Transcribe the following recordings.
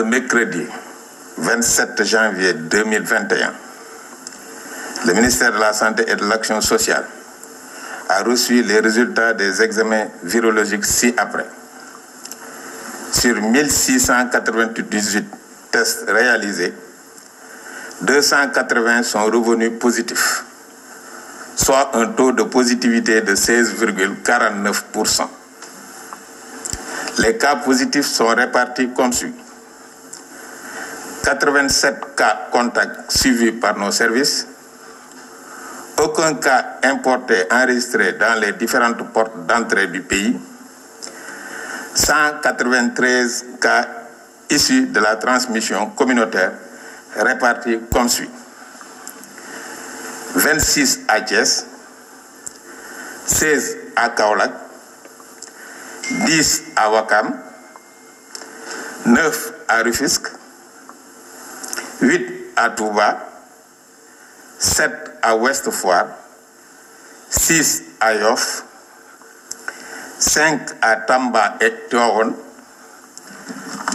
ce mercredi 27 janvier 2021, le ministère de la Santé et l'Action sociale a reçu les résultats des examens virologiques ci-après. Sur 1698 tests réalisés, 280 sont revenus positifs, soit un taux de positivité de 16,49%. Les cas positifs sont répartis comme suit. 87 cas contacts suivis par nos services. Aucun cas importé enregistré dans les différentes portes d'entrée du pays. 193 cas issus de la transmission communautaire répartis comme suit. à Thiès, 16 à Kaolack, 10 8 à Touba 7 à Ouest Foire 6 à Yoff 5 à Tamba et Tivaouane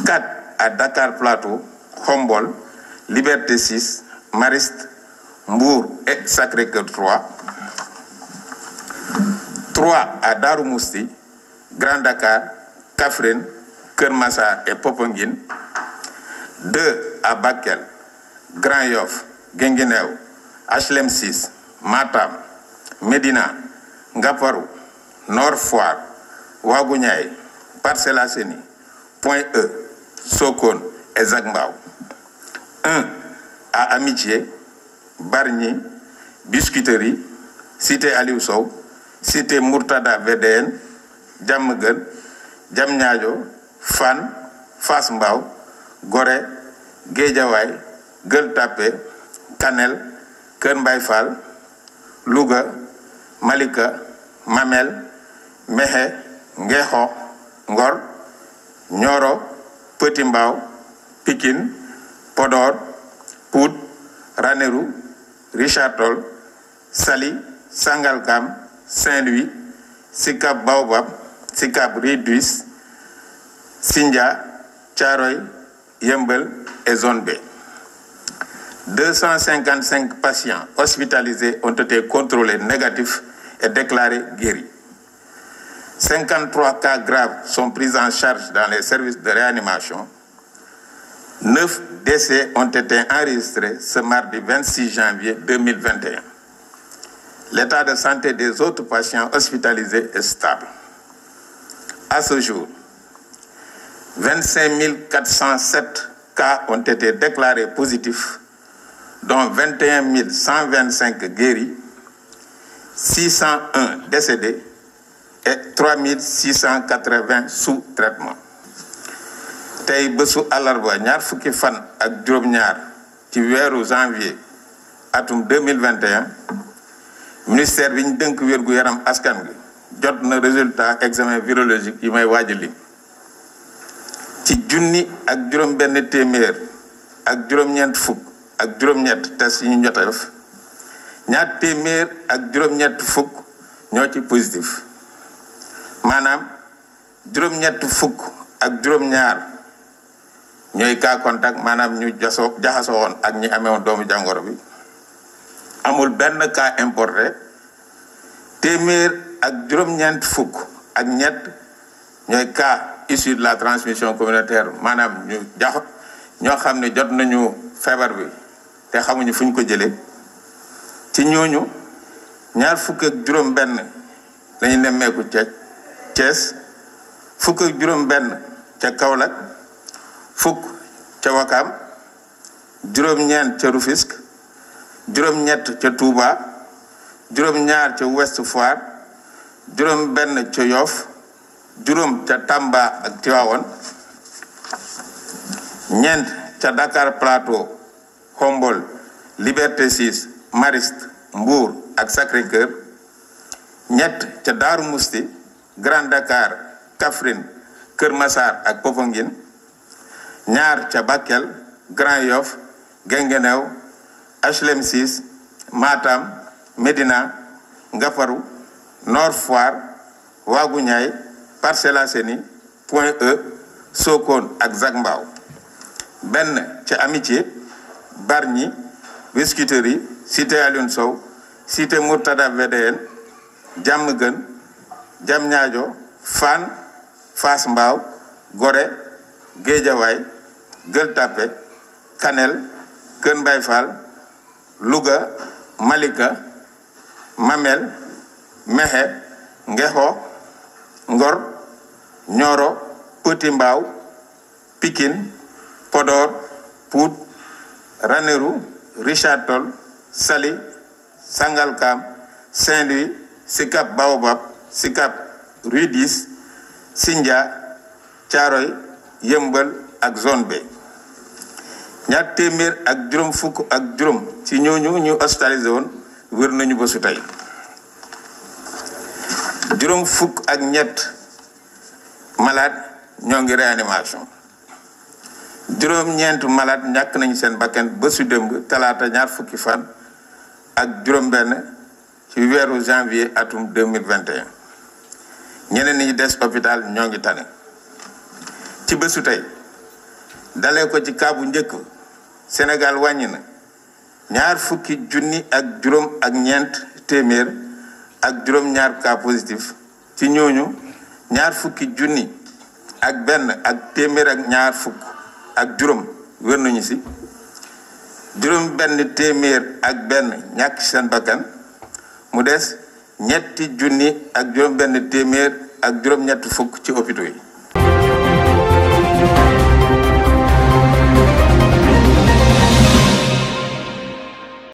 4 à Dakar Plateau Khombol Liberté 6 Mariste Mbour et Sacré-Cœur 3 3 à Darou Grand Dakar Kaffrine Keur et Popenguine 2 à Bakel Grand Yoff Guinguinéo HLM 6 Matam Médina Ngaparou Nord Foire Waguñaay Parcelles Assainies Point E Sokone et Zac Mbao 1 à Amitié Bargny Cité Aliou Sow Cité Mourtada VDN Diamaguène Diamniadio Fann Fass Mbao Gorée Guédiawaye Gueule Tapée Kanel Kër Mbay Fall Louga Malika Mamel Mexe Ngexo Ngor Nioro Petit Mbao Pikine Podor Pout Ranérou Richard Toll Saly Sangalkam Saint-Louis Sicap Baobab Sicap Rydwiis Sindia Thiaroye Yeumbeul et Zone B 255 patients hospitalisés ont été contrôlés négatifs et déclarés guéris. 53 cas graves sont pris charge dans les services de réanimation. 9 décès ont été enregistrés ce mardi 26 janvier 2021. L'état de santé des autres patients hospitalisés est stable. À ce jour, 25 407 cas ont été positifs donc mille cent dont 21 125 guéris, 601 décédés et 3 680 sous traitement. tey bésu àllarba ñaar fukki fan ak juróom-ñaar ci weeru janvier atum 2021 ministère bi ñu dënk wér gu yaram askan gi jot na résultat examen virologique yi may waaju lim ci junni ak juróom benn téeméer ak juróom-ñeent fukk ak juróom-ñett test yi ñu jot a def ñaar ak juróom-ñett fukk ñoo ci positif maanaam juróom-ñett fukk ak juróom-ñaar ñooy cas contact maanaam ñu jasoo jaxasoo woon ak ñi amewoon doomu jàngoro bi amul benn cas importé téeméer ak juróom-ñeent fukk ak ñett ñooy ka issu de la transmission communautaire maanaam ñu jax ñoo xam ne jot nañu feebar bi te xamuñu fu ñu ko jële ci ñooñu ñaar fukk ak juróom-benn lañu nemmeeku ca Thiès fukk juróom-benn ca Kaolack fukk ca Wakaam juróom-ñeent ca Rufisque juróom-ñett ca Touba juróom-ñaar ca Ouest Foire juróom-benn ca Yoff juróom ca Tamba ak Tivaouane ñeent ca Dakar Plateau. Khombole Liberté 6 Mariste Mbour ak Sacré-Cœur ñett ca Daaru Musti Grand Dakar Kaffrine Kër Massar ak Popenguine ñaar ca Bakel Grand Yoff Guinguinéo HLM 6 Matam Médina Ngaparou Nord Foire Waagu Ñaay Parcelles Assainies Point E Sokone ak Zac Mbao benn ca Amitié Bargny Biscuiterie cité Alioune Sow cité Mourtada VDN jàmm gën jam ñaajo Fann Fass Mbao Gorée Guédiawaye Gueule Tapée Kanel Louga Malika Mamel Mexe Ngexo Ngor Nioro Petit Mbao Pikine Podor Pout Ranérou Richard Toll Saly Sangalkam Saint-Louis Sicap Baobab Sicap Rue 10 Sindia Thiaroye Yeumbeul ak zone B ñaar téeméer ak juróom fukk ak juróom ci ñooñu ñu hospitalisé wér nañu bésu tey juróom fukk ak ñett malade ñoo ngi réanimation juróom-ñeenti malade ñàkk nañu seen bakkan bësu démb talaata ñaar fukki fan ak juróom-benn ci weeru janvier atum 2021 ñeneen ñi des hôpital ñoo ngi tane ci bësu tey dalee ko ci kaabu njëkk Sénégal wàññi na ñaar fukki junni ak juróom ak ñeent téeméer ak juróom-ñaar cas positif ci ñooñu ñaar fukki junni ak benn ak téeméer ak ñaar fukk ak juróom wér nañu si juróom benn téeméer ak benn ñàkk seen bakkan mu des ñetti junni ak juróom benn téeméer ak juróom-ñetti fukk ci hôpitaux yi